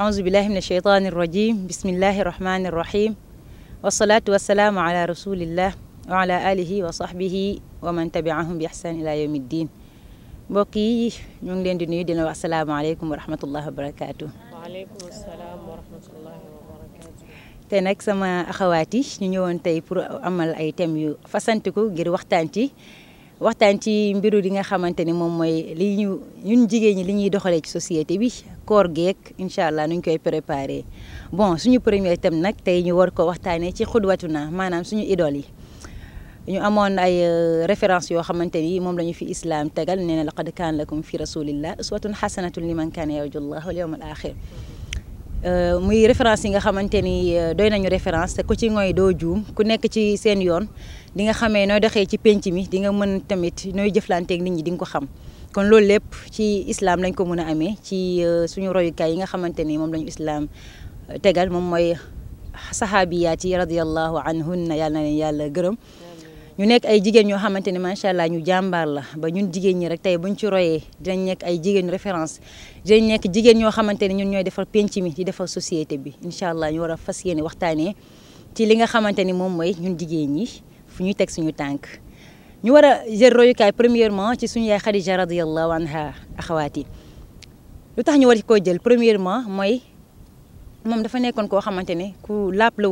أعوذ بالله من الشيطان الرجيم بسم الله الرحمن الرحيم والصلاة والسلام على رسول الله وعلى آله وصحبه ومن تبعهم بإحسان إلى يوم الدين بقي نون لين دي نيو عليكم ورحمة الله وبركاته وعليكم سما أخواتي نيو نيو تي بور أمال يو فاسانتكو غير وقتانتي waxtaan ci mbiru li nga xamante ni moom mooy li ñu ñun jigéen ñi li ñuy doxalee ci societé bi koor geek incha allah nuñ koy préparé bon suñu premier thème nag tey ñu war ko waxtaanee ci xudwatu na maanaam suñu idole yi ñu amoon ay euh, référence yoo xamante ni moom lañu fi islam tegal nee na laqad kaan lakum fi rasulillah uswatun xasanatun liman kaana yarju llah wal yawmal axir euh, muy référence yi nga xamante ni euh, doy nañu référence te ku ci ngoy do juum ku nekk ci seen yoon di nga xamee nooy doxee ci penc mi di nga mën tamit nooy jëflanteeg nit di nga ko xam kon loolu lépp ci islam lañ ko mën a amee ci euh, suñu royukaay yi nga xamante ni moom lañu islam euh, tegal moom mooy saxaabiyaat yi radiallahu anhunna yàlla na leen yàlla gërëm ñu nekk ay jigéen ñoo xamante ne macha allah ñu jàmbaar la ba ñun jigéen ñi rek tey buñ ci royee dinañ nekk ay jigéen référence dinañ jigéen ñoo xamante ne ñun ñooy defar penc mi di defar société bi incha allah ñu war a fas yéene waxtaanee ci li nga xamante ni moom mooy ñun jigéen ñi fu ñuy teg suñu tànk ñu war a jël royukaay premièrement ci suñu yaay Khadija radiyallahu anha axawaati lu tax ñu war koo jël premièrement mooy moom dafa nekkoon koo xamante ne ku laap la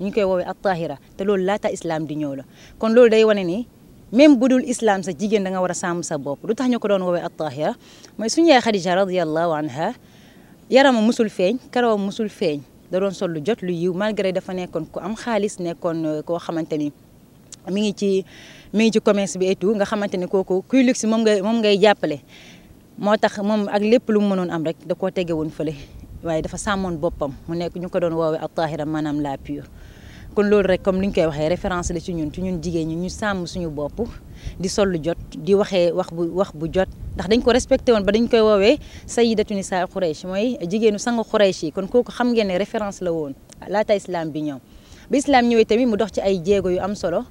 ñu koy woowee at tahira te loolu laata islam di ñëw la kon loolu day wane ni même bu dul islam sa jigéen da nga war a sàmm sa bopp lu tax ñu ko doon woowee at tahira mooy suñu yaay Khadija radiyallahu anha yarama musul feeñ karawam musul feeñ da doon sol lu jot lu yiw malgré dafa nekkoon ku am xaalis nekkoon euh, koo xamante ni mi ngi ci mi ngi ci commerce bi et nga xamante ni kooku kuy luxe moom nga moom ngay jàppale moo tax moom ak lépp lu mu mënoon am rek da koo tege woon fële waaye dafa sàmmoon boppam mu nekk ñu ko doon woowee ak taahira maanaam la pur kon loolu rek comme ni ñu koy waxee référence la ci ñun ci ñun jigéen ñi ñu sàmm suñu bopp di sol lu jot di waxee wax bu wax bu jot ndax dañ ko respecté woon ba dañ koy woowee sayidatu nisa Xuraysh mooy jigéenu sang Xuraysh yi kon kooku xam ngeen ne référence la woon laata islam bi ñëw ba islam tamit mu dox ci ay jéego yu am solo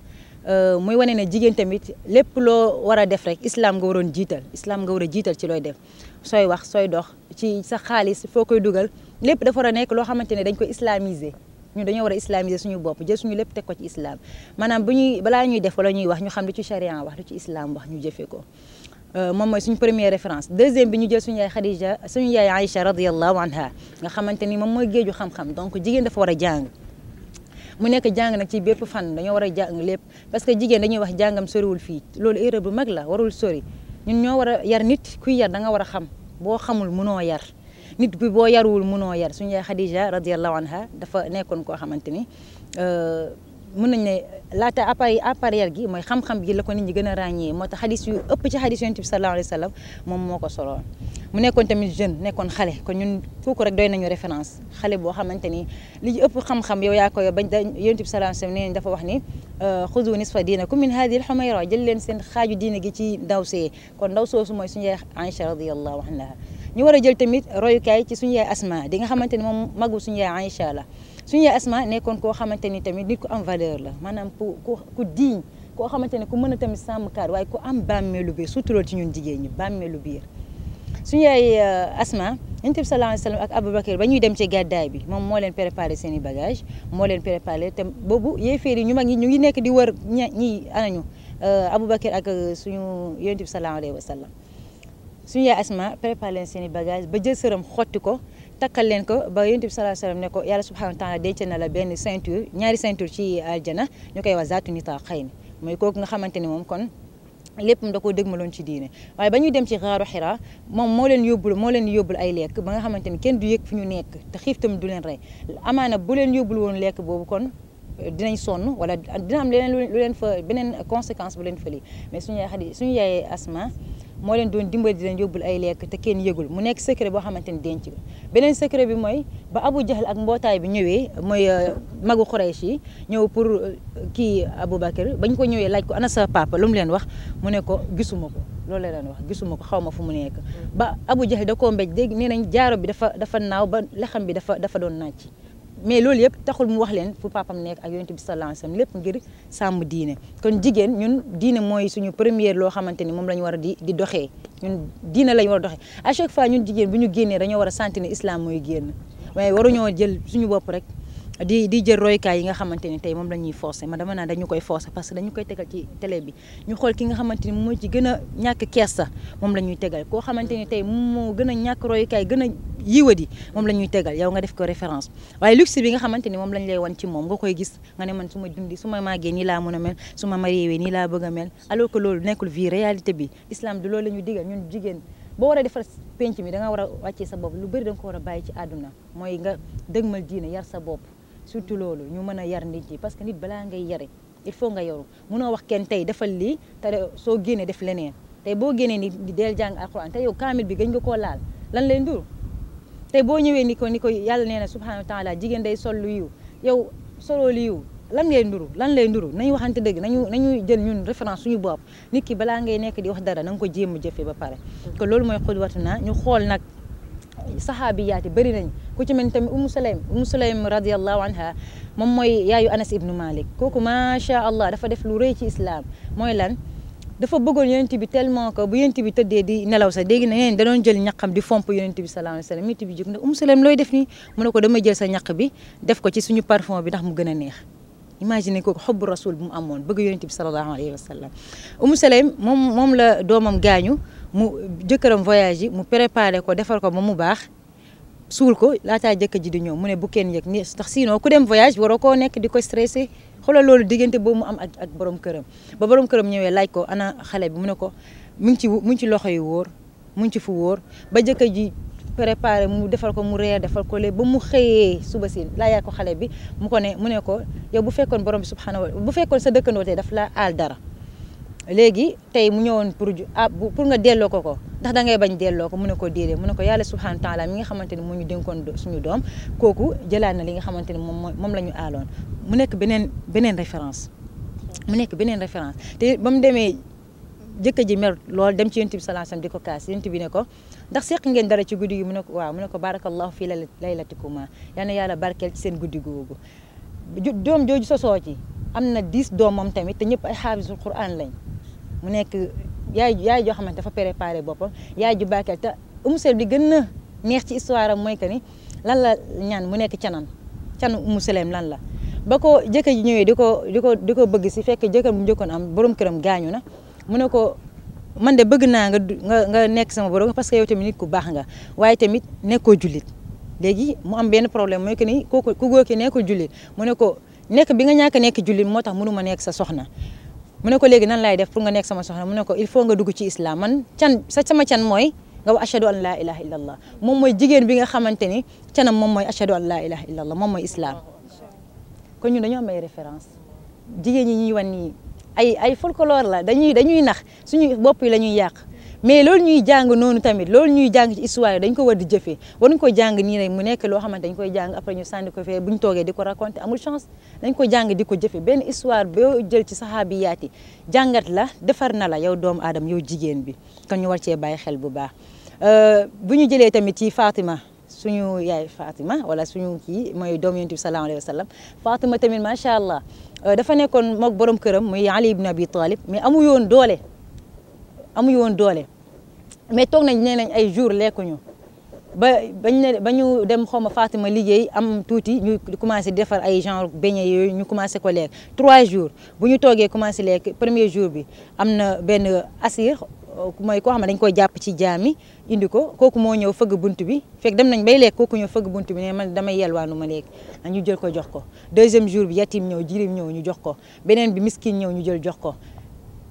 Euh, mooy wane ne jigéen tamit lépp loo war a def rek islam nga waroon jiital islaam nga war a jiital ci looy def sooy wax sooy dox ci sa xaalis foo koy dugal lépp dafa war a nekk loo xamante ne dañ ko islamiser ñu dañoo war a islamiser suñu bopp jël suñu lépp teg ko ci islaam maanaam bu ñuy balaa ñuy def wala ñuy wax ñu xam lu ci charia wax lu ci islaam wax ñu jëfee ko euh, moom mooy suñu premier référence deuxième bi ñu jël suñu yaay Khadija suñu yaay Aïcha radiyallahu anha nga xamante ni moom mooy géeju xam donc jigéen dafa war a jàng mu nekk jàng nag ci bépp fànn dañoo war a jàng lépp parce que jigéen dañuy wax jàngam soriwul fii loolu erreur bu mag la warul sori ñun ñoo war a yar nit kuy yar danga war a xam boo xamul mënoo yar nit bi boo yarwul mënoo yar suñu yaay Khadija radiyallahu anha dafa nekkoon koo xamante ni euh, mën nañ ne laata appareil appareil gi mooy xam-xam gi la ko nit ñi gën a ràññee moo tax xadis yu ëpp ci xadis yonent bi sallallahu alayhi wa sallam moom moo ko soloon mu nekkoon tamit jeune nekkoon xale kon ñun kooku rek doy nañu référence xale boo xamante ni li ci ëpp xam-xam yow yaa koy bañ yonent bi sallallahu alayhi nee dafa wax ni xudu nisfa diinakum min hadihi al xumayra jël leen seen xaaju diine gi ci ndaw see kon ndaw soosu mooy suñu yaay Aïcha radiyallahu anha ñu war a jël tamit royukaay ci suñu yaay Asma di nga xamante ni moom magu suñu yaay Aïcha la suñu yaay Asma nekkoon koo xamante ni tamit nit ku am valeur la maanaam ku ku ku digne koo xamante ni ku mën a tamit sàmm kaar waaye ku am bàmmeelu biir surtout loolu ci ñun jigéen ñi bàmmeelu biir suñu yaay euh, Asma yonent bi sallallahu alayhi wa sallam ba ñuy dem ci gàddaay bi moom moo leen préparé seeni i bagage moo leen préparé te boobu yéeféer yi ñu mag ñi ñu ngi nekk di war ña ñi anañu euh, Aboubacar ak euh, suñu yonent bi sallallahu alayhi wa sallam suñu yaay Asma préparé leen seen bagage ba jël sëram xotti ko takkal leen ko ba yonent bi sallallahu alayhi wa sallam ne ko yàlla subhanahu wa taala denc na la benn ceinture ñaari ceinture ci aljana ñu koy wax zaatu nita xëy ni mooy kooku nga xamante ni moom kon lépp da koo dëgmaloon ci diine waaye ba ñuy dem ci xaaru xiraa moom moo leen yóbbul moo leen yóbbul ay lekk ba nga xamante ni kenn du yëg fi ñu nekk te xiif tamit du leen rey amaana bu leen yóbbul woon lekk boobu kon euh, dinañ sonn wala dina am leneen lu leen fa beneen conséquence bu leen fa mais suñu yaay suñu yaayee asma moo leen doon dimbali di leen yóbbul ay lekk te kenn yégul mu nekk secret boo xamante ni denc beneen secret bi mooy ba Abu Jahl ak mbootaay bi ñëwee mooy euh, magu Quraysh yi ñëw pour euh, kii Aboubacar ba ñu ko ñëwee laaj ko ana sa papa lu mu leen wax mu ne ko gisuma ko loolu la leen wax gisuma ko xaw ma fu mu nekk mm. ba Abu Jahl da koo mbéj dégg nee nañ jaaro bi dafa dafa naaw ba lexam bi dafa dafa doon naaj mais loolu yëpp taxul mu wax leen fu papam nekk ak yonent bi sallallahu alayhi wasallam lépp ngir sàmm diine kon jigéen ñun diine mooy suñu première loo xamante ni moom la ñu war a di di doxee ñun diine la ñu war a à chaque fois ñun jigéen bu ñu génnee dañoo war a sentir ne islam mooy génn waaye waruñoo jël suñu bopp rek di di jël roykaay yi nga xamante ni tey moom la ñuy forcé ma dama naa dañu koy forcé parce que dañu koy tegal ci télé bi ñu xool ki nga xamante ni moo ci gën ñàkk kersa moom la ñuy tegal koo xamante ni tey moo gën a ñàkk roykaay gën a yiwadi moom la ñuy tegal yow nga def ko référence waaye luxe bi nga xamante ni moom lañ lay wan ci moom nga koy gis nga ne man su ma dundi su ma màggee nii laa a mel su ma laa bëgg a mel loolu nekkul vie réalité bi islam du loolu la ñu digal ñun jigéen boo war a defar penc mi da war a wàccee sa bopp lu bëri da ko war a bàyyi ci àdduna mooy nga dëgmal diine yar sa bopp surtout loolu ñu mën a yar nit parce que nit balaa ngay yare il faut nga yoru mënoo wax kenn tey defal lii te soo génnee def leneen tey boo génnee ni di deel jàng alxuraan te yow kaamil bi gëj nga koo laal lan lay ndur tey boo ñëwee ni ko ni ko yàlla nee na subhanahu wa taala jigéen day sol lu yow soloo lu lan ngay nduru lan lay nduru nañu waxante dëgg nañu nañu jël ñun référence suñu bopp nit ki balaa ngay nekk di wax dara na nga ko jéem a jëfee ba pare mm. ko loolu mooy xudwatu naa ñu xool nag saxaabi yaati bëri nañ كنت من تم ام سليم ام سليم رضي الله عنها موي يا يو انس ابن مالك كوكو ما شاء الله دا ديف لو ري اسلام موي لان دا فا بوغول يونتي بي تيلمون كو بو يونتي بي تودي دي نلاو سا ديغي نين دا دون جيل نياخام دي فومب يونتي بي سلام الله عليه وسلم جوغنا ام سليم لوي ديف ني مونكو داما جيل سا نياخ بي ديف كو سي سونو بارفون بي داخ مو غنا نيه imagine ko hub rasul bu mu beug yonenti bi sallallahu alayhi wa sallam um salem mom mom la domam gañu mu jeukeram voyage yi mu préparer ko defal ko mu bax suul ko laataa jëkk ji di ñëw mu ne bu kenn yëg ni tax sinon ku dem voyage waroo koo nekk di ko stressé xoolal loolu diggante boobu mu am ak ak borom këram ba borom këram ñëwee laaj ko ana xale bi mu ne ko mu ngi ci mu ngi ci loxo yu wóor mu ci fu wóor ba jëkk ji préparé mu defal ko mu reer defal ko le ba mu xëyee suba si laa yaa ko xale bi mu ko ne mu ne ko yow bu fekkoon borom bi subhanahu wa bu fekkoon sa dëkkandoo tey daf laa aal dara léegi tey mu ñëwoon pour ah pour nga delloo ko ko ndax da ngay bañ delloo ko mu ne ko déedéet mu ne ko yàlla subhanahu taala mi nga xamante ne moo ñu dénkoon suñu doom kooku jëlaat na li nga xamante ne moom moom la ñu mu nekk beneen beneen référence mu nekk beneen référence te ba mu demee jëkkër ji mer lool dem ci yonent bi sallallahu alayhi wasallam di ko kaas yonent bi ne ko ndax seq ngeen dara ci guddi gi mu ne ko waaw mu ne ko barakallahu fi laylatikuma yal na yàlla barkeel ci seen guddi googu doom jooju sosoo ci am na 10 doom moom tamit te ñëpp ay xaafisul quran lañ mu nekk yaay yaay joo xamante fa préparé boppam yaay ju bàkkeel te Oumou Sélé bi gën na neex ci histoire am mooy que ni lan la ñaan mu nekk canan canu Oumou Sélé lan la ba ko jëkk ji ñëwee di ko di ko di ko bëgg si fekk jëkkër bu njëkkoon am borom këram gaañu na mu ne ko man de bëgg naa nga nga nga nekk sama borom parce que yow tamit nit ku baax nga waaye tamit nekkoo julit léegi mu am benn problème mooy que ni kooku ku góor ki nekkul jullit mu ne ko nekk bi nga ñàkk nekk jullit moo tax mënuma nekk sa soxna mu ne ko léegi nan laay def pour nga nekk sama soxna mu ne ko il faut nga dugg ci islam man can sa sama can mooy nga wax ashadu an laa ilaha illa allah moom mooy jigéen bi nga xamante ni canam moom mooy ashadu an laa ilaha illa allah moom mooy islam kon ñun dañoo may ay référence jigéen ñi ñuy wan nii ay ay folklore la dañuy dañuy nax suñu bopp yi la ñuy yàq mais loolu ñuy jàng noonu tamit loolu ñuy jàng ci histoire dañ ko war di jëfee waruñ ko jàng nii rek mu nekk loo xamante dañ koy jàng après ñu sànni ko fe bu ñu toogee di ko raconté amul chance dañ ko jàng di ko jëfee benn histoire boo jël ci saxaabi yaati jàngat la defar na la yow doomu aadama yow jigéen bi kon ñu war bàyyi xel bu baax euh, bu ñu jëlee tamit ci Fatima suñu yaay Fatima wala suñu kii mooy doom yonent bi sallallahu alayhi wa sallam Fatima tamit macha allah euh, dafa nekkoon moog borom këram muy Ali ibn Abi Talib mais amu yoon doole amu yoon doole mais toog nañ nee nañ ay jours ñu ba bañ ne ba ñu dem xaw ma Fatima liggéey am tuuti ñu commencé defar ay genre beignet yooyu ñu commencé ko lekk trois jours bu ñu toogee commencé lekk premier jour bi am na benn asir mooy koo xam ne dañ koy jàpp ci jaami indi ko kooku moo ñëw fëgg bunt bi fekk dem nañ bay lekk kooku ñëw fëgg bunt bi ne man damay yelwaanu ma lekk ñu jël ko jox ko deuxième jour bi yatim ñëw jirim ñëw ñu jox ko beneen bi miskin ñëw ñu jël jox ko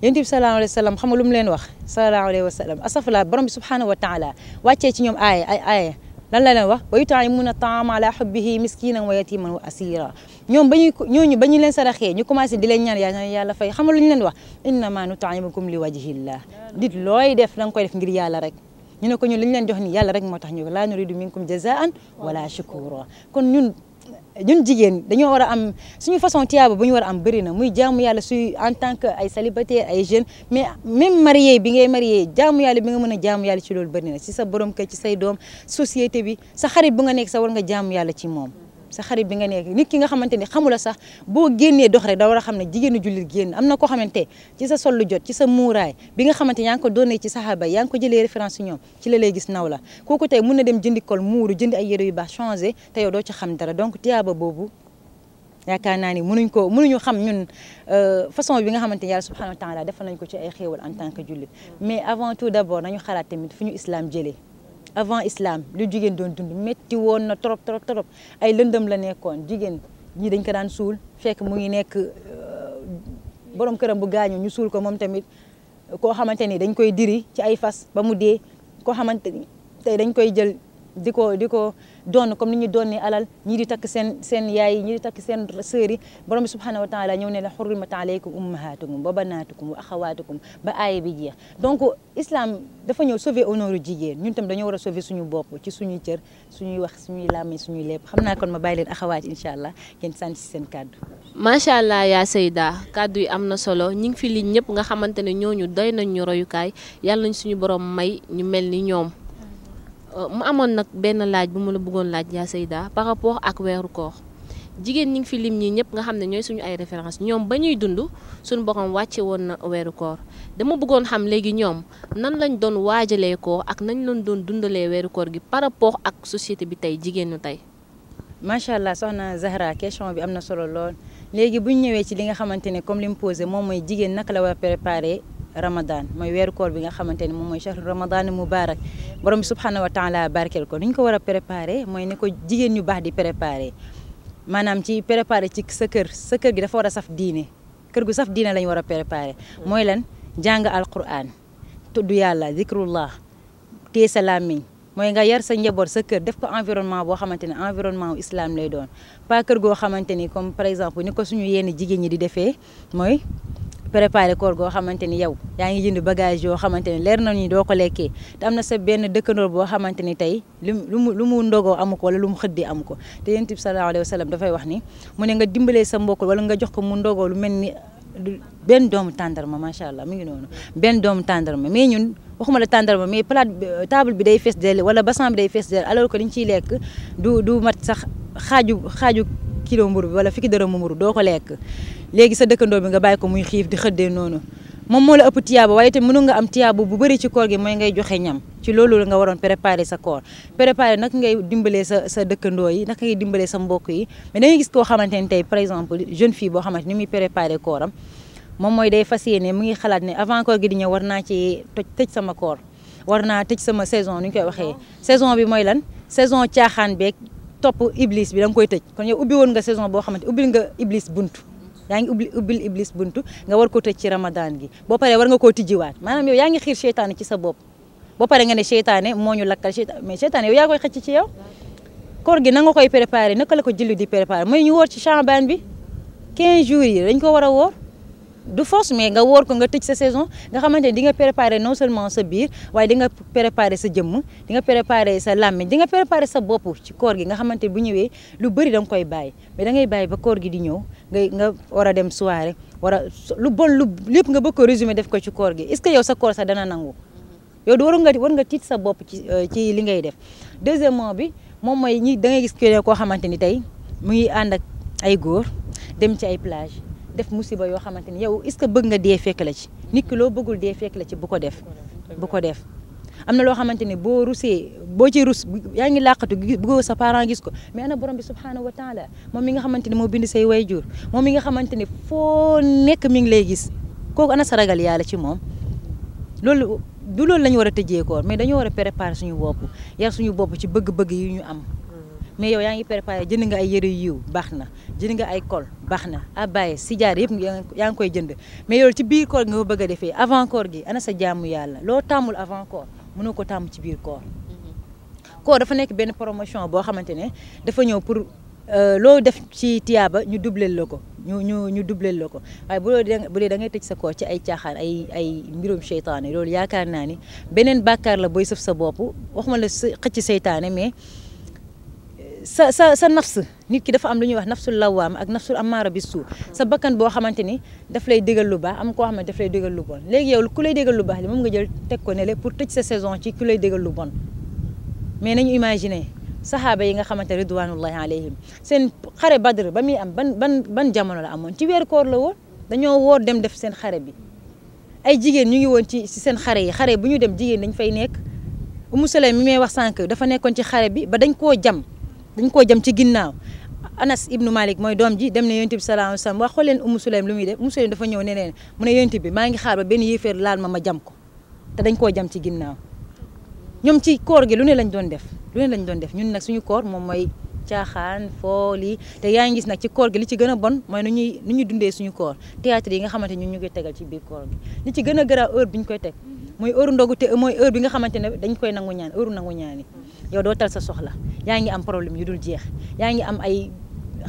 yonent bi sallallahu alayhi wasallam xam nga lu mu leen wax sallallahu alayhi wasallam sallam asafla borom bi subhanahu wa taala wacce ci ñom ay ay ay lan la leen wax wa yutaayimuuna taama ala hubbihi miskinan wa yatiman wa asira ñom bañu ñuy ñooñu bañu leen saraxé ñu commencé di leen ñaan yaa yàlla fay xam nga lu ñu leen wax inna ma nutaayimukum li wajhillah nit loy def nang koy def ngir yàlla rek ñu ne ko ñun li ñu leen jox nii yàlla rek tax ñu laa nuridu minkum jazaan wala shukura kon ñun ñun jigéen dañoo war a am suñu façon tiyaaba bu ñu war a am bëri na muy jaamu yàlla suy en tant que ay célibataire ay jeunes mais même marié bi ngay marié jaamu yàlla bi nga mën a jaamu yàlla ci loolu bëri na ci sa borom kër ci say doom société bi sa xarit bu nga nekk sa war nga jaamu yàlla ci moom sa xarit bi nga nekk nit ki nga xamante ni xamula sax boo génnee dox rek da war a xam ne jigéenu jullit génn am na koo xamante ci sa sollu jot ci sa muuraay bi nga xamante yaa ngi ko doonee ci saxaaba yaa ngi ko jëlee référence ñoom ci la gis naw la kooku tey mun na dem jëndi kol muuru jëndi ay yére yu baax changé te yow doo ci xam dara donc tiyaaba boobu yaakaar naa ni mënuñ ko mënuñu xam ñun euh, façon bi nga xamante ni yàlla subhanahu wa taala ko ci ay xéewal en tant que jullit mais avant tout d'abord nañu xalaat tamit fu ñu islam jëlee avant islaam lu jigéen doon dund métti woon na trop trop trop ay lëndëm la nekkoon jigéen ñii dañ ko daan suul fekk mu ngi nekk euh, borom këram bu gaañu ñu suul ko moom tamit koo xamante ni dañ koy diri ci ay fas ba mu dee koo xamante ni tey dañ koy jël di ko di ko doon comme ni ñu doon ni alal ñii di takk seen seen yaay ñii di takk seen sœurs yi borom bi subhanahu wa taala ñëw ne la xurrimat aleykum ummahatukum wa banatukum wa axawatukum ba aaya bi jeex donc islam dafa ñëw sauver honneur jigéen ñun tam dañoo war a sauver suñu bopp ci suñuy cër suñuy wax suñuy làmmiñ suñuy lépp xam naa kon ma bàyyi leen axawaat incha allah ngeen sànni si seen kàddu macha allah ya sayda kàddu yi am na solo ñi ngi fi lii ñëpp nga xamante ne ñooñu doy nañ ñu royukaay suñu borom may ñu mel ni ñoom Euh, mu amoon nag benn laaj bu ma la bëggoon laaj yaa Seyda par rapport ak weeru koor jigéen ñi ngi fi lim ñi ñëpp nga xam ne ñooy suñu ay référence ñoom ba ñuy dund suñu borom wàcce woon na weeru koor dama buggoon xam léegi ñoom nan lañ doon waajalee koor ak nañ lañ doon dundalee weeru koor gi par rapport ak société bi tey jigéen tey. macha allah soxna Zahra question bi am na solo lool léegi bu ñëwee ci li nga xamante ne comme li mu posé moom mooy jigéen naka la war a ramadan mooy weeru koor bi nga xamante ni moom mooy chahru ramadan mubarak borom bi subhanahu wa taala barkeel ko ni ñu ko war a préparé mooy ni ko jigéen ñu baax di préparé maanaam ci préparé ci sa kër sa kër gi dafa war a saf diine kër gu saf diine la war a préparé mooy lan jàng alquran tudd yàlla zikrullah tée sa làmmiñ mooy nga yar sa njaboot sa kër def ko environnement boo xamante ne environnement wu islam lay doon pas xamante ni comme par exemple ni ko suñu yenn jigéen ñi di defee mooy préparer koor goo xamante ni yow yaa ngi jënd bagage yoo xamante ni leer na ni doo ko lekkee te am na sa benn dëkkandoor boo xamante ni tey lu lu mu lu mu ndogoo amu ko wala lu mu xëddee amu ko te yonent bi sallallahu alayhi wa dafay wax ni mu ne nga dimbalee sa mbokk wala nga jox ko mu lu mel ni benn doomu tàndarma macha allah mu ngi noonu benn doomu tàndarma mais ñun waxuma la tàndarma mais plate table bi day fees del wala bassin bi day fees del alors que dañ ciy lekk du du mat sax xaaju xaaju kilo mburu bi wala fukki mu mburu doo ko lekk léegi sa dëkkandoo bi nga bàyyi ko muy xiif di xëddee noonu moom moo la ëpp tiyaaba waaye te mënu nga am tiyaaba bu bëri ci koor gi mooy ngay joxe ñam ci loolu la nga waroon préparer sa koor préparer naka ngay dimbalee sa sa dëkkandoo yi naka ngay dimbalee sa mbokk yi mais da gis koo xamante ne tey par exemple jeune fi boo xamante ni muy préparer kooram moom mooy day fas yéene mu ngi xalaat ne avant koor gi di ñëw war naa ci toj tëj sama koor war naa tëj sama saison nu ñu koy waxee saison bi mooy lan saison caaxaan beeg topp iblis bi da nga kon yow ubbi woon nga saison boo xamante ubbil nga iblis buntu yaa ngi ubbi ubbil iblis buntu nga war ko tëj ci ramadan gi boo paree war nga koo tijjiwaat maanaam yow yaa ngi xiir seytaane ci sa bopp boo paree nga ne seytaane moo ñu lakkal seytaane mais seytaane yaa koy xëcc ci yow kor gi na nga koy préparé naka la ko julli di préparé mooy ñu woor ci Chaabaan bi 15 jours yi dañ ko war a woor du force mais nga wor ko nga tëj sa saison nga xamanteni di nga préparer non seulement sa biir waye di nga préparer sa jëmm di nga préparer sa làmmiñ di nga préparer sa bop ci koor gi nga xamanteni bu ñëwé lu bari dang koy bàyyi mais da ngay bàyyi ba koor gi di ñëw nga nga wara dem soirée wara lu bon lu lépp nga bëkk ko résumé def ko ci koor gi est-ce que yow sa koor sax dana nangu yow du war nga war nga tiit sa bop ci euh, ci li ngay def deuxièmement bi mom mooy ñi da ngay gis ko xamanteni tay mu ngi and ak ay goor dem ci ay plage def musiba yoo xamante ni yow est-ce que bëgg nga dee fekk la ci nit ki loo bëggul dee fekk la ci bu ko def bu ko def am na loo xamante ni boo rusee boo ci rus yaa ngi làqatu bëggoo sa parent gis ko mais ana borom bi subhaanahu wa taala moom mi nga xamante ni moo bind say jur moom mi nga xamante ni foo nekk mi ngi lay gis kooku ana sa ragal la ci moom loolu du loolu la war a tëjee koor mais dañoo war a préparer suñu bopp yar suñu bopp ci bëgg-bëgg yi ñu am mais yow yaa ngi préparé jënd nga ay yëre yiw baax na jënd nga ay col baax na abbaye ah, sijaar yëpp yaa ngi koy jënd mais yow ci biir koor gi nga ko bëgg a defee avant koor gi ana sa jaamu yàlla loo tàmmul avant koor mënoo ko tàmm ci biir koor koor dafa nekk benn promotion boo xamante ne dafa ñëw pour euh, loo def ci tiyaaba ñu dubleel la ko ñu ñu ñu dubleel la ko waaye bu dee bu dee da ngay tëj sa koor ci ay caaxaan ay ay mbirum seytaane loolu yaakaar naa ni beneen bàkkaar la booy sëf sa bopp waxuma la xëcc seytaane mais sa sa sa nafs nit ki dafa am lu ñuy wax nafsul lawaam ak nafsul amaara bi suu sa bakkan boo xamante ni daf lay dégal lu baax am koo xam ne daf lay dégal lu bon léegi yow ku lay dégal lu baax li moom nga jël teg ko ne le pour tëj sa saison ci ku lay dégal lu bon mais nañu imaginer saxaaba yi nga xamante ridwanullahi alayhim seen xare badr ba muy am ban ban ban jamono la amoon ci weeru koor la wo dañoo woor dem def seen xare bi ay jigéen ñu ngi woon ci si seen xare yi xare bu ñu dem jigéen dañ fay nekk Umu Sulaym mi wax sànq dafa nekkoon ci xare bi ba dañ koo jam dañ koo jëm ci ginnaaw Anas ibnu Malik mooy doom ji dem na yonent bi sallallahu alayhi wasallam wax xool leen Umu lu muy def Umu Sulaym dafa ñëw ne leen mu ne yonent bi maa ngi xaar ba benn yéeféer laal ma ma jam ko te dañ koo jam ci ginnaaw ñoom ci koor gi lu ne lañ doon def lu ne doon def ñun nag suñu koor moom mooy caaxaan fooli te yaa ngi gis nag ci koor gi li ci gën a bon mooy nu ñuy nu ñuy dundee suñu koor théâtre yi nga xamante ñun ñu ngi tegal ci biir koor li ci gën a garaaw heure bi ñu koy teg mooy heure ndogu te mooy bi nga xamante ne dañ koy nangu ñaan heure nangu ñaan yi yow doo tal soxla yaa ngi am problème yu dul jeex yaa ngi am ay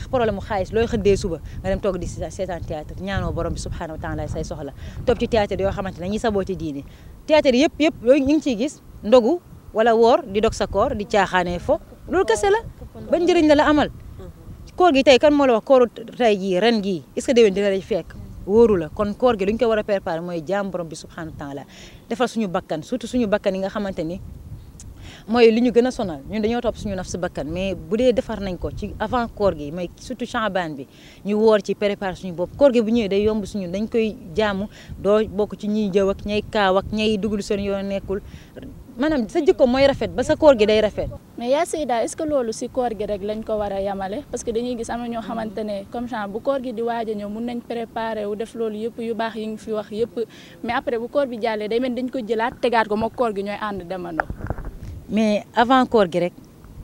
problème mu xaalis looy xëddee suba nga toog di seetaan théâtre ñaanoo borom bi subhanahu wa taala say soxla toog ci théâtre yoo xamante ne ñi sabooti diine théâtre yëpp yëpp yooyu ñu ngi ciy gis ndogu wala woor di dog sa koor di caaxaanee fo loolu kese la ban njëriñ la la amal koor gi tey kan moo la kooru tey jii ren gi est-ce que déwén fekk wóoru la kon koor gi lu ñu ko war a préparer mooy jaam borom bi subhanahu wa taala defal suñu bakkan surtout suñu bakkan yi nga xamante ni mooy li ñu gën a sonal ñun dañoo topp suñu naf si bakkan mais bu dee defar nañ ko ci avant koor gi mooy surtout chaban bi ñu woor ci préparer suñu boobu koor gi bu ñëwee day yomb suñu dañ koy jaamu doo bokk ci ñiy jëw ak ñay kaaw ak ñay dugul seen yoon nekkul maanaam sa jikko mooy rafet ba sa koor gi day rafet. mais yaa Seyda est loolu si koor gi rek lañ ko war a yamale parce que dañuy gis am na ñoo xamante ne comme genre bu koor gi di waaj a ñëw mun nañ préparer wu def loolu yëpp yu baax yi ngi fi wax yëpp mais après bu koor bi jàllee day dañ ko jëlaat tegaat ko moog koor gi ñooy ànd demandoo. mais avant koor gi rek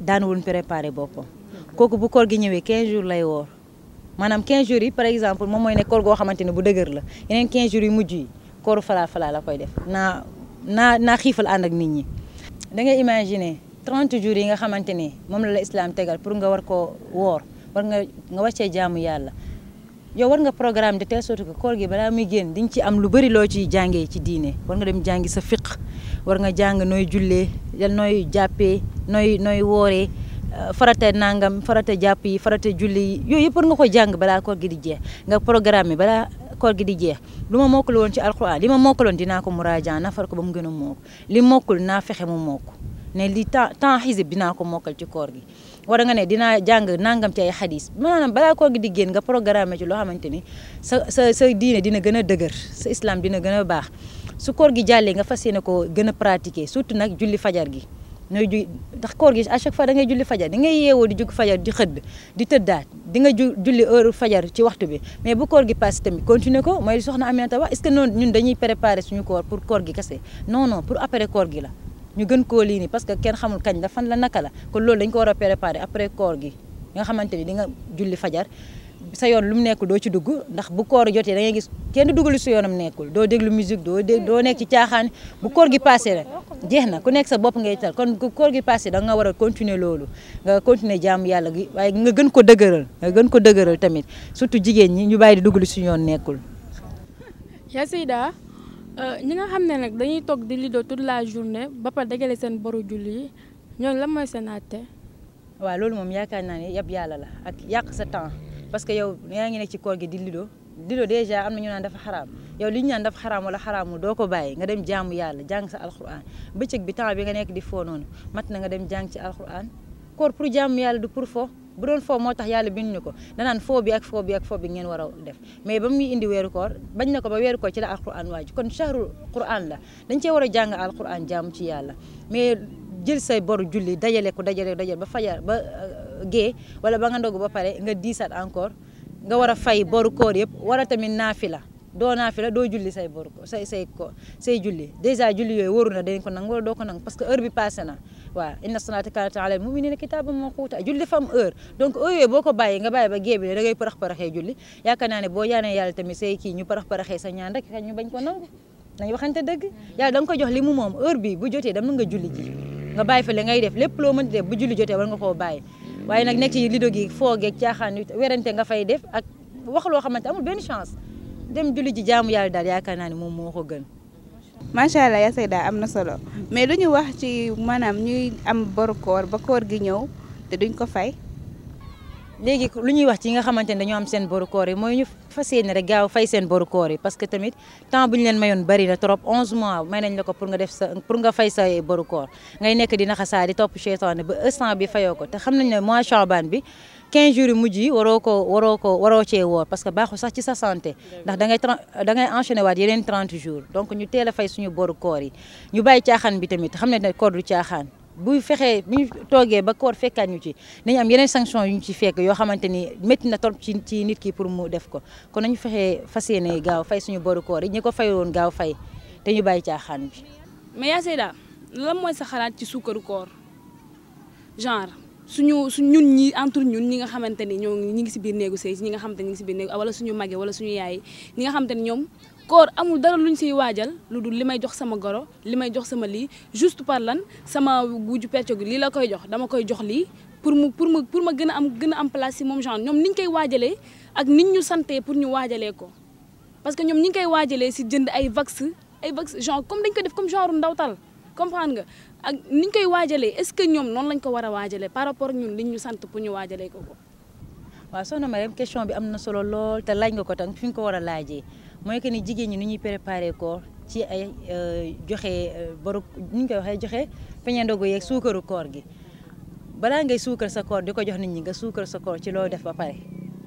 daan wul préparer boppam kooku bu koor gi ñëwee 15 jours lay woor maanaam 15 jours yi par exemple moom mooy ne koor goo xamante ne bu dëgër la yeneen 15 jours yu mujj yi kooru falaa falaa la koy def naa. naa naa xiifal ànd ak nit ñi da ngay imaginer 30 jours yi nga xamante ni moom la la islam tegal pour nga war koo woor war nga nga war cee jaamu yàlla yow war nga programme de telle sorte que koor gi balaa muy génn di ci am lu bëri loo ciy jàngee ci diine war nga dem jàngi sa fiq war nga jàng nooy jullee yal nooy jàppee noy nooy wooree euh, farata nangam farata jàpp yi farata julli yi yooyu war nga ko jàng balaa koor gi di nga programme balaa koor gi di jeex lu ma mokkul woon ci alxuraan li ma mokkaloon dinaa ko muraajaa nafar ko ba mu gën a mokk li mokkul naa fexe mu mokk ne li temps temps xisib dinaa ko mokkal ci koor gi war nga ne dinaa jàng nangam ci ay xadis maanaam balaa koor gi di génn nga programme ci loo xamante ni sa sa sa diine dina gën a dëgër sa islam dina gën a baax su koor gi jàllee nga fas yéene ko gën a pratiquer surtout nag julli fajar gi nooy ndax koor gi à chaque fois da julli fajar di ngay yeewoo di jug fajar di xëdd di tëddaat di nga ju julli heure fajar ci waxtu bi mais bu koor gi passé tamit continuer ko mooy soxna Aminata wax est-ce que noonu ñun dañuy préparer suñu koor pour koor gi kese non non pour après koor gi la ñu gën koo lii parce que kenn xamul kañ la fan la naka la ko loolu dañ ko war a après koor gi nga xamante ni di nga julli fajar sa yoon lu mu nekkul doo ci dugg ndax bu koor jotee da gis kenn dugg lu su yoonam nekkul doo déglu musique doo dég doo nekk ci caaxaan bu koor gi passé la jeex na ku nekk sa bopp ngay tal kon bu koor gi passé da war a continuer loolu nga continuer jaamu yàlla gi waaye nga gën ko dëgëral gën ko dëgëral tamit surtout jigéen ñi ñu bàyyi di dugg lu su yoon nekkul. yaa Seyda euh, ñi nga xam ne nag dañuy toog di lido toute la journée ba pare dajale seen boru julli yi ñoom lan mooy seen àtte. waaw loolu moom yaakaar naa ne yab yàlla la ak yàq sa temps. parce que yow yaa ngi nekk ci koor gi di lido lido déjà am na ñu naan dafa xaraam yow li a naan dafa xaraam wala xaraamul doo ko bàyyi nga dem jaamu yàlla jàng sa alxuraan bëccëg bi temps bi nga nekk di foo noonu mat na nga dem jàng ci alxuraan koor pour jaamu yàlla du pour foo bu doon foo moo tax yàlla bind ñu ko danaan foo bi ak foo bi ak foo bi ngeen war a def mais ba muy indi weeru koor bañ na ko ba weeru koor ci la alquran waaju kon shahru quran la dañ cee war a jàng alquran jaamu ci yàlla mais jël say boru julli dajale ko dajale dajale ba fajar ba ge wala ba nga ndog ba pare nga disat encore nga wara fay bor koor yëpp war tamit naafila do naafila do julli say bor ko say say ko say julli julli yoy woruna na dañ ko nang wala ko nang parce que heure bi passé na wa inna salata kaanat ala muminina kitaaba mawquuta julli fam heure donc heure yooyu boo ko nga baye ba gée da ngay parax paraxé julli yaakaar naa bo boo yalla tamit say ki ñu parax paraxé sa ñaan rek ñu bañ ko nangu nañ waxante deug yàlla dang ko jox limu mu moom heure bi bu joté dam na nga julli ji nga baye fa li ngay def lepp lo mën def bu julli joté war nga ko baye waaye nag nekk ci lido gi foo geeg caaxaan wi werante nga fay def ak wax loo xamante amul benn chance dem julli ji jaamu yàlla daal yaakaar naa ne moom moo ko gën. macha allah yaa sayda am na solo mais lu ñu wax ci maanaam ñuy am boru koor ba koor gi ñëw te duñ ko fay. léegi lu ñuy wax ci nga xamante ne dañoo am seen boru koor yi mooy ñu fas yéene rek gaaw fay seen boru koor yi parce que tamit temps bu ñu leen mayoon trop 11 mois may nañ la ko pour nga def sa pour nga fay sa boru koor ngay nekk di naxasaa di topp seytaane ba bi fayoo ko te xam nañ ne mois Chaban bi 15 jours yu mujj waroo ko waroo ko waroo cee parce que baaxu sax ci sa santé ndax da ngay da ngay yeneen 30 jours donc ñu teel a fay suñu boru koor yi ñu bàyyi caaxaan bi tamit xam ne koor du caaxaan buy fexee bu ñu toogee ba koor fekkaat ñu ci nañu am yeneen sanction yu ñu ci fekk yoo xamante ni métti na trop ci ci nit ki pour mu def ko kon nañu fexee fas yéene gaaw fay suñu boru koor yi ñi ko fayoon gaaw fay te ñu bàyyi caaxaan bi. mais yaa Seyda lan mooy sa xalaat ci suukaru koor genre suñu su ñun ñi entre ñun ñi nga xamante ñoom ñoo ñi ngi si biir néegu sëy ñi nga xamante ni ñi ngi si biir néegu wala suñu mage wala suñu yaay ñi nga xamante ni ñoom koor amul dara lu ñu siy waajal lu dul li may jox sama goro li may jox sama lii juste par lan sama wujju pecco gi lii la koy jox dama koy jox lii pour mu pour mu pour ma gën am gën a am place moom genre ñoom niñ koy waajalee ak niñ ñu santee pour ñu waajalee ko parce que ñoom ñi koy waajalee si jënd ay vax ay vax genre comme dañ ko def comme genre ndawtal comprendre nga ak niñ koy waajalee est ce que ñoom noonu lañ ko war a waajalee par rapport ñun liñ ñu sant pour ñu waajalee ko ko. waaw soxna Mariam question bi am na solo lool te laaj nga ko tam fi nga ko war a laajee. mooy que ni jigéen ñi nu ñuy préparer koor ci ay euh, joxe euh, boru nu ñu koy waxee joxe peñe ndogu yeeg suukaru koor gi balaa ngay suukar sa koor di ko jox nit ñi nga suukar sa koor ci loo def ba pare.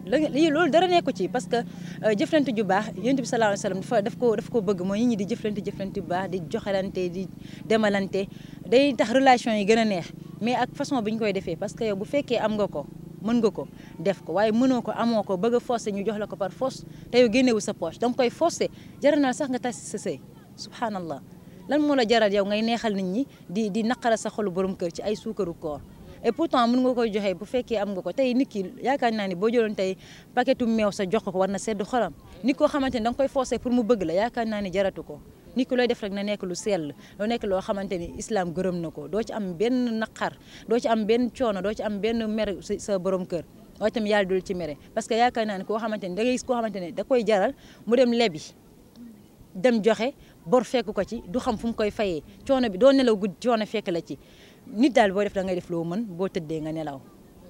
li loolu dara nekku ci parce que euh, jëflante ju baax yonent bi sallallahu alayhi wasallam dafa daf ko daf ko bëgg mooy nit ñi di jëflante jëflante bu baax di joxalante di demalante day tax relation yi gën a neex mais ak façon bi ñu koy defee parce que yow bu fekkee am nga ko. mën nga ko def ko waaye mënoo ko amoo ko bëgg a forcé ñu jox la ko par force te yow génnewu sa poche danga koy forcé jaral na sax nga tas sa sëy subhanallah lan moo la jaral yow ngay neexal nit ñi di di naqara sa borom kër ci ay suukaru koor et pourtant mën nga koy joxe bu fekkee am nga ko tey nit ki yaakaar naa ni boo jëloon tey paquetu meew sa jox ko war na sedd xolam nit koo xamante ni da nga koy forcé pour mu bëgg la yaakaar naa ni jaratu ko nit ki looy def rek na nekk lu sell loo nekk loo xamante ni islam gërëm na ko doo ci am benn naqar doo ci am benn coono doo ci am benn mer sa borom kër waaye itam yàlla dul ci mere parce que yaakaar naan ko koo xamante ni da ngay gis koo xamante ne da koy jaral mu dem lebi dem joxe bor fekk ko ci du xam fu mu koy fayee coono bi doo nelaw gudd coono fekk la ci nit daal boo def da ngay def loo mën boo tëddee nga nelaw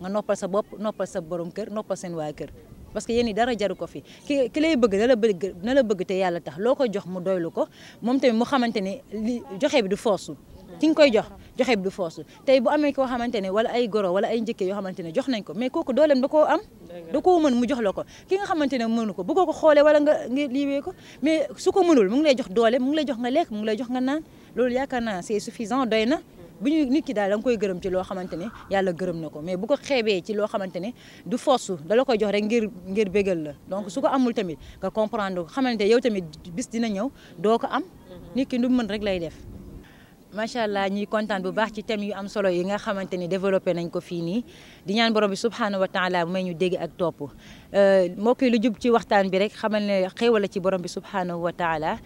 nga noppal sa bopp noppal sa borom kër noppal seen waa kër parce que dara jaru ko fi ki lay bëgg na la bëgg na la bëgg te yàlla tax loko jox mu doylu ko mom tamit mu xamante li joxe bi du foosu ki ngi koy jox joxe bi du foosu tay bu amé ko xamante wala ay goro wala ay njëkke yo xamante jox nañ ko mais koku dolem dako am dako mën mu jox lako ki nga xamante ne mënu ko bu ko xolé wala nga ngi liwé ko mais su ko mënul mu ngi lay jox doole mu ngi lay jox nga lek mu ngi lay jox nga nan loolu yakarna c'est suffisant doyna bu ñuy nit ki daal da nga koy gërëm ci loo xamante ne yàlla gërëm na ko mais bu ko xeebee ci loo xamante ne du force da la koy jox rek ngir ngir bégal la donc su ko amul tamit nga comprendre ko xamante yow tamit bis dina ñëw doo ko am mhm. nit ki lu mën rek lay def macha allah ñuy kontaan bu baax ci thème yu am solo yi nga xamante ni développé nañ ko fii nii di ñaan borom bi subhanahu wa taala mu may ñu dégg ak topp mbokk yi lu jub ci waxtaan bi rek xamal ne xéewal ci borom bi subhanahu wa taala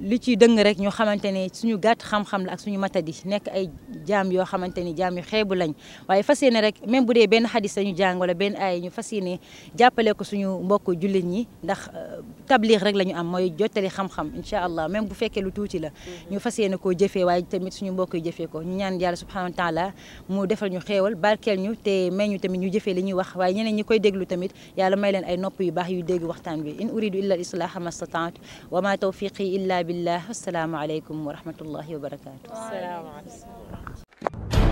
lu ci dëng rek ñu xamante ne suñu gàtt xam-xam la ak suñu matadi nekk ay jaam yoo xamante ni jaam yu xeebu lañ waaye fas yéene rek même bu dee benn xadis lañu jàng wala benn ay ñu fas yéene jàppale ko suñu mbokk jullit ñi ndax tabliix rek la ñu am mooy jottali xam-xam incha allah même bu fekkee lu tuuti la ñu fas yéene koo jëfee waaye tamit suñu mbokk yi jëfee ko ñu ñaan yàlla subhanahu wa taala mu defal ñu xéewal barkeel ñu te may tamit ñu jëfé li ñuy wax waaye ñeneen ñi koy déglu tamit yàlla may leen ay nopp yu baax yu dégg waxtaan bi in uridu illa al islaha ma stataatu wa ma tawfiqi illa billah assalamu alaykum wa rahmatullahi wa barakatuh assalamu alaykum